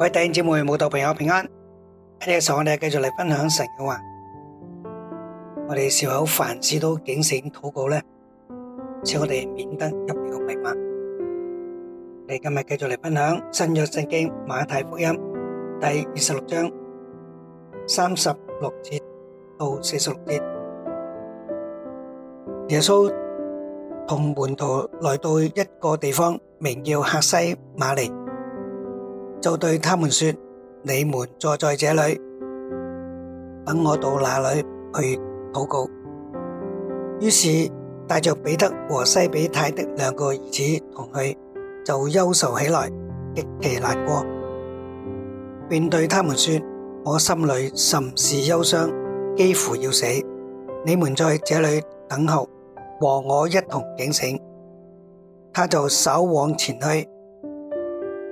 各位弟兄姊妹、慕道朋友平安，喺呢個時候我哋繼續嚟分享神嘅話，我哋是否凡事都警醒禱告咧？請我哋免得入夜嘅夜晚。我哋今日繼續嚟分享新約聖經馬太福音第二十六章三十六節到四十六節。耶穌同門徒來到一個地方，名叫客西馬尼。就對他們說：你們坐在這裏，等我到那裏去禱告。於是帶着彼得和西庇太的兩個兒子同去，就憂愁起來，極其難過，便對他們說：我心裏甚是憂傷，幾乎要死。你們在這裏等候，和我一同警醒。他就稍往前去。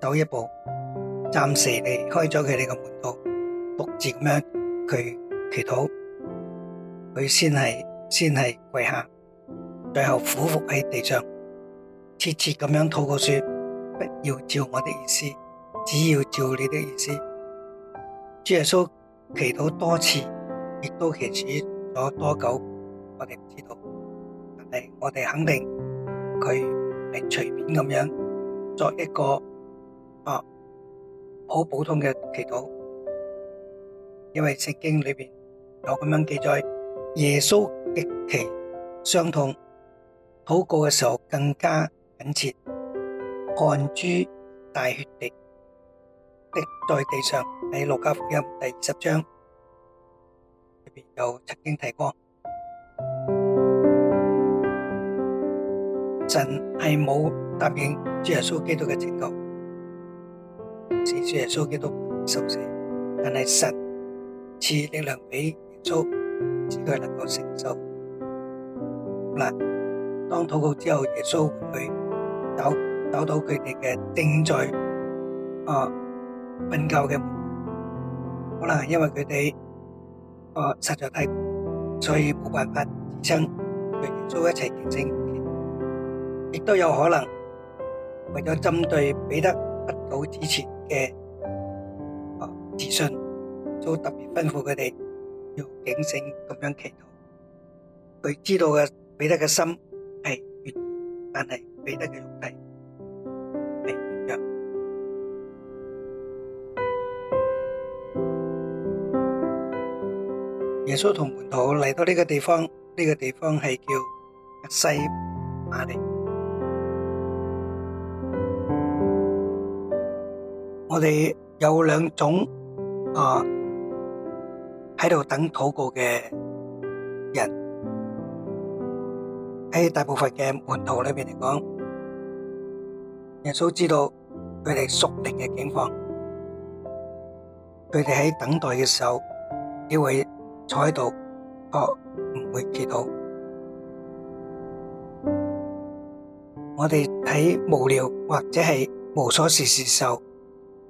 走一步，暫時離開咗佢哋嘅門徒，獨自咁樣佢祈禱，佢先係先係跪下，最後俯伏喺地上，切切咁樣禱告說：不要照我的意思，只要照你的意思。主耶穌祈禱多次，亦都祈禱咗多久，我哋唔知道，但係我哋肯定佢係隨便咁樣作一個。好、啊、好普通嘅祈禱，因為聖經裏邊有咁樣記載，耶穌極其傷痛禱告嘅時候更加懇切，汗珠帶血滴，滴在地上。喺路加福音第二十章裏邊有曾經提過，神係冇答應主耶穌基督嘅請求。是說耶穌基督受死，但係神賜力量俾耶穌，使佢能夠承受。嗱，當禱告之後，耶穌佢找找到佢哋嘅正在啊瞓覺嘅門，可能係因為佢哋啊實在太攰，所以冇辦法支撐同耶穌一齊見證，亦都有可能為咗針對彼得不早之前嘅自信，都特別吩咐佢哋要警醒咁樣祈禱。佢知道嘅彼得嘅心係越強，但係彼得嘅肉體係越弱。耶穌同門徒嚟到呢個地方，呢個地方係叫客西馬尼。我哋有兩種啊喺度等禱告嘅人，喺大部分嘅門徒裏邊嚟講，耶穌知道佢哋宿命嘅境況，佢哋喺等待嘅時候只會坐喺度，哦唔會祈禱。我哋喺無聊或者係無所事事時候。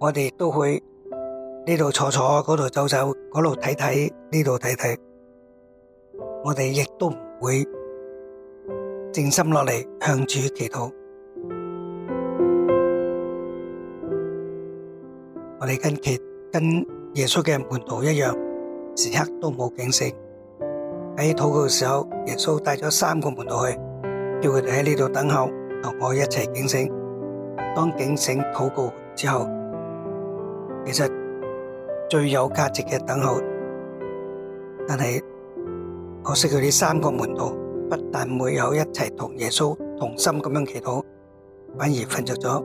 我哋都會呢度坐坐，嗰度走走，嗰度睇睇，呢度睇睇。我哋亦都唔會靜心落嚟，向主祈禱。我哋跟其跟耶穌嘅門徒一樣，時刻都冇警醒。喺禱告嘅時候，耶穌帶咗三個門徒去，叫佢哋喺呢度等候，同我一齊警醒。當警醒禱告之後。其實最有價值嘅等候。但係可惜佢哋三個門徒不但沒有一齊同耶穌同心咁樣祈禱，反而瞓着咗。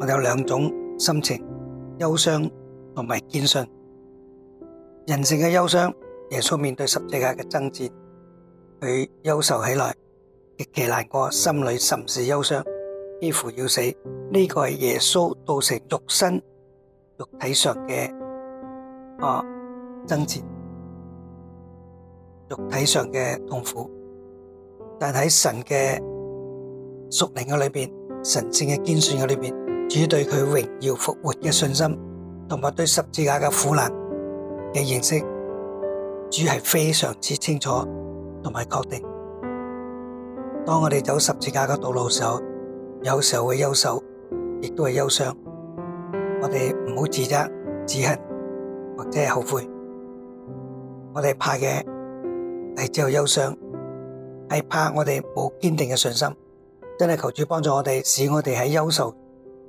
我有兩種心情：憂傷同埋堅信人性嘅憂傷。耶穌面對十字架嘅爭戰，佢憂愁起來，極其難過，心裏甚是憂傷，幾乎要死。呢、這個係耶穌道成肉身。體上嘅啊爭戰，肉體上嘅痛苦，但喺神嘅屬靈嘅裏邊，神聖嘅堅信嘅裏邊，主對佢榮耀復活嘅信心，同埋對十字架嘅苦難嘅認識，主係非常之清楚同埋確定。當我哋走十字架嘅道路時候，有時候會憂愁，亦都會憂傷，我哋。唔好自責、自恨或者係後悔，我哋怕嘅係只有憂傷，係怕我哋冇堅定嘅信心。真係求主幫助我哋，使我哋喺憂愁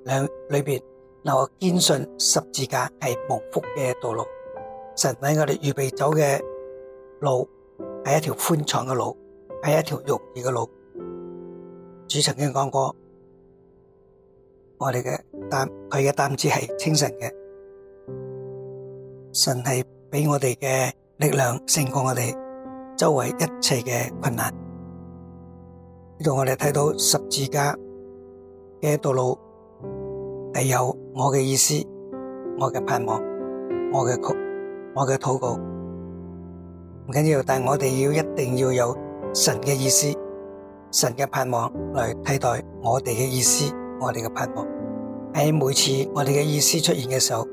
裏邊，能夠堅信十字架係蒙福嘅道路。神為我哋預備走嘅路係一條寬敞嘅路，係一條容易嘅路。主曾經講過。我哋嘅擔，佢嘅擔子係輕省嘅，神係俾我哋嘅力量勝過我哋周圍一切嘅困難。呢度我哋睇到十字架嘅道路係有我嘅意思，我嘅盼望，我嘅曲，我嘅禱告唔緊要，但係我哋要一定要有神嘅意思，神嘅盼望來替代我哋嘅意思。我哋嘅盼望喺每次我哋嘅意思出現嘅時候，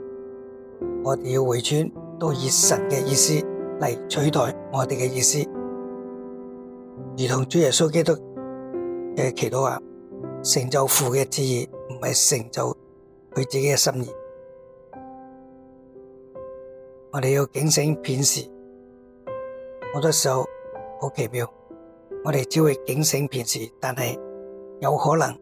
我哋要回轉到以神嘅意思嚟取代我哋嘅意思，如同主耶穌基督嘅祈禱話，成就父嘅旨意，唔係成就佢自己嘅心意。我哋要警醒片時，好多時候好奇妙，我哋只會警醒片時，但係有可能。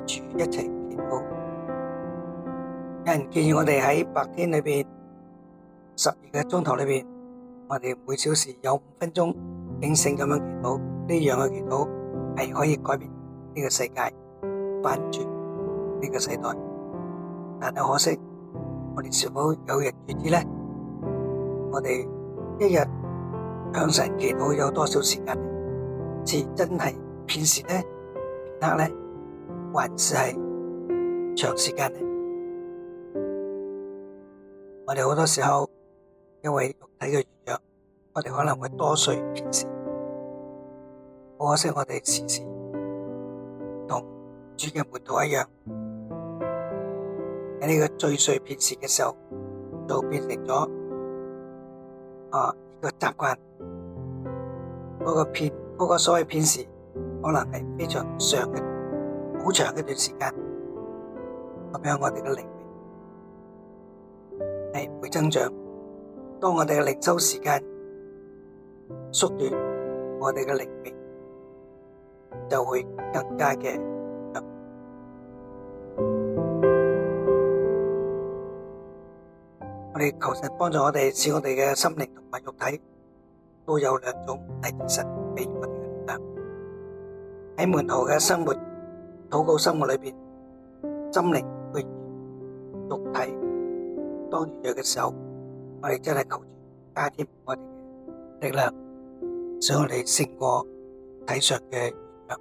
住一齊祈禱。有人建議我哋喺白天裏邊，十二個鐘頭裏邊，我哋每小時有五分鐘警醒咁樣祈禱，呢樣嘅祈禱係可以改變呢個世界，翻轉呢個世代。但係可惜，我哋是否有人願意咧？我哋一日向神祈禱有多少時間？似真係片時咧，晚黑咧？還是係長時間咧，我哋好多時候因為肉體嘅軟弱，我哋可能會多睡片時。好可惜，我哋時時同主嘅門徒一樣，喺呢個最睡片時嘅時候，就變成咗啊呢個習慣。嗰個片，嗰個所謂片時，可能係非常長嘅。好長一段時間，咁樣我哋嘅靈命係唔會增長。當我哋嘅靈修時間縮短，我哋嘅靈命就會更加嘅弱。我哋求神幫助我哋，使我哋嘅心靈同埋肉體都有兩種靈食俾我哋嘅力量。喺門徒嘅生活，禱告生活裏邊，心靈、血、肉體當軟弱嘅時候，我哋真係求加添我哋嘅力量，使我哋勝過體上嘅軟弱。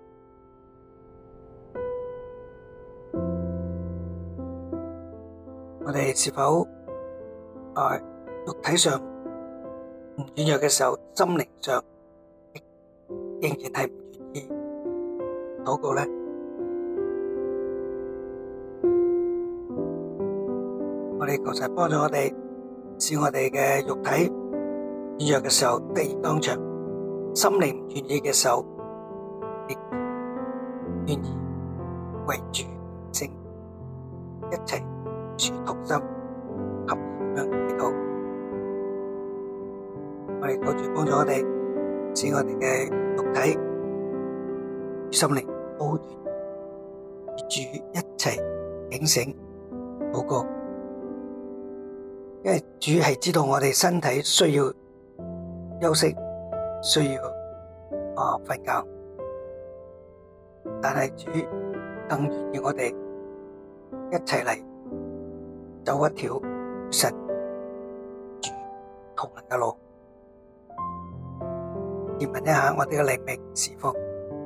我哋是否誒肉體上唔軟弱嘅時候，心靈上仍然係唔願意禱告咧？我哋求神幫助我哋，使我哋嘅肉體軟弱嘅時候得以剛強，心靈唔願意嘅時候，亦願意為主勝，一齊全同心合意祈禱。我哋求神幫助我哋，使我哋嘅肉體、心靈都為主一齊警醒，禱告。因為主係知道我哋身體需要休息，需要啊、瞓覺，但係主更願意我哋一齊嚟走一條神同人嘅路。試問一下我哋嘅靈命是否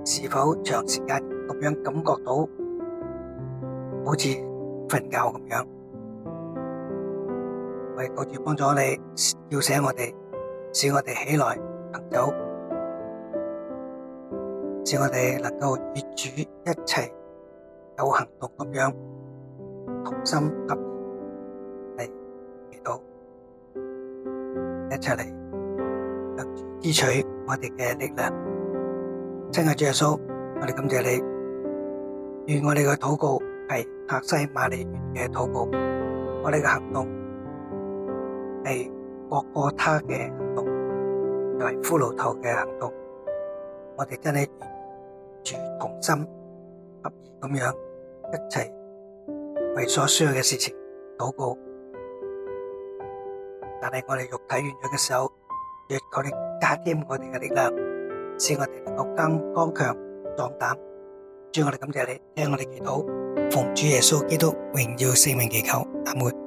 是否長時間咁樣感覺到好似瞓覺咁樣？為國主幫助你叫醒我哋，使我哋起來行走，使我哋能夠與主一齊有行動咁樣同心合力祈禱，一齊嚟支取我哋嘅力量。親愛的主耶穌，我哋感謝你，願我哋嘅禱告係客西馬尼園嘅禱告，我哋嘅行動。係駁過他嘅行動，又係骷髏頭嘅行動，我哋真係住同心合意咁樣一齊為所需要嘅事情禱告。但係我哋肉體軟弱嘅時候，願求你加添我哋嘅力量，使我哋能夠更剛強、壯膽。主，我哋感謝你，聽我哋祈禱，奉主耶穌基督榮耀聖名祈求，阿門。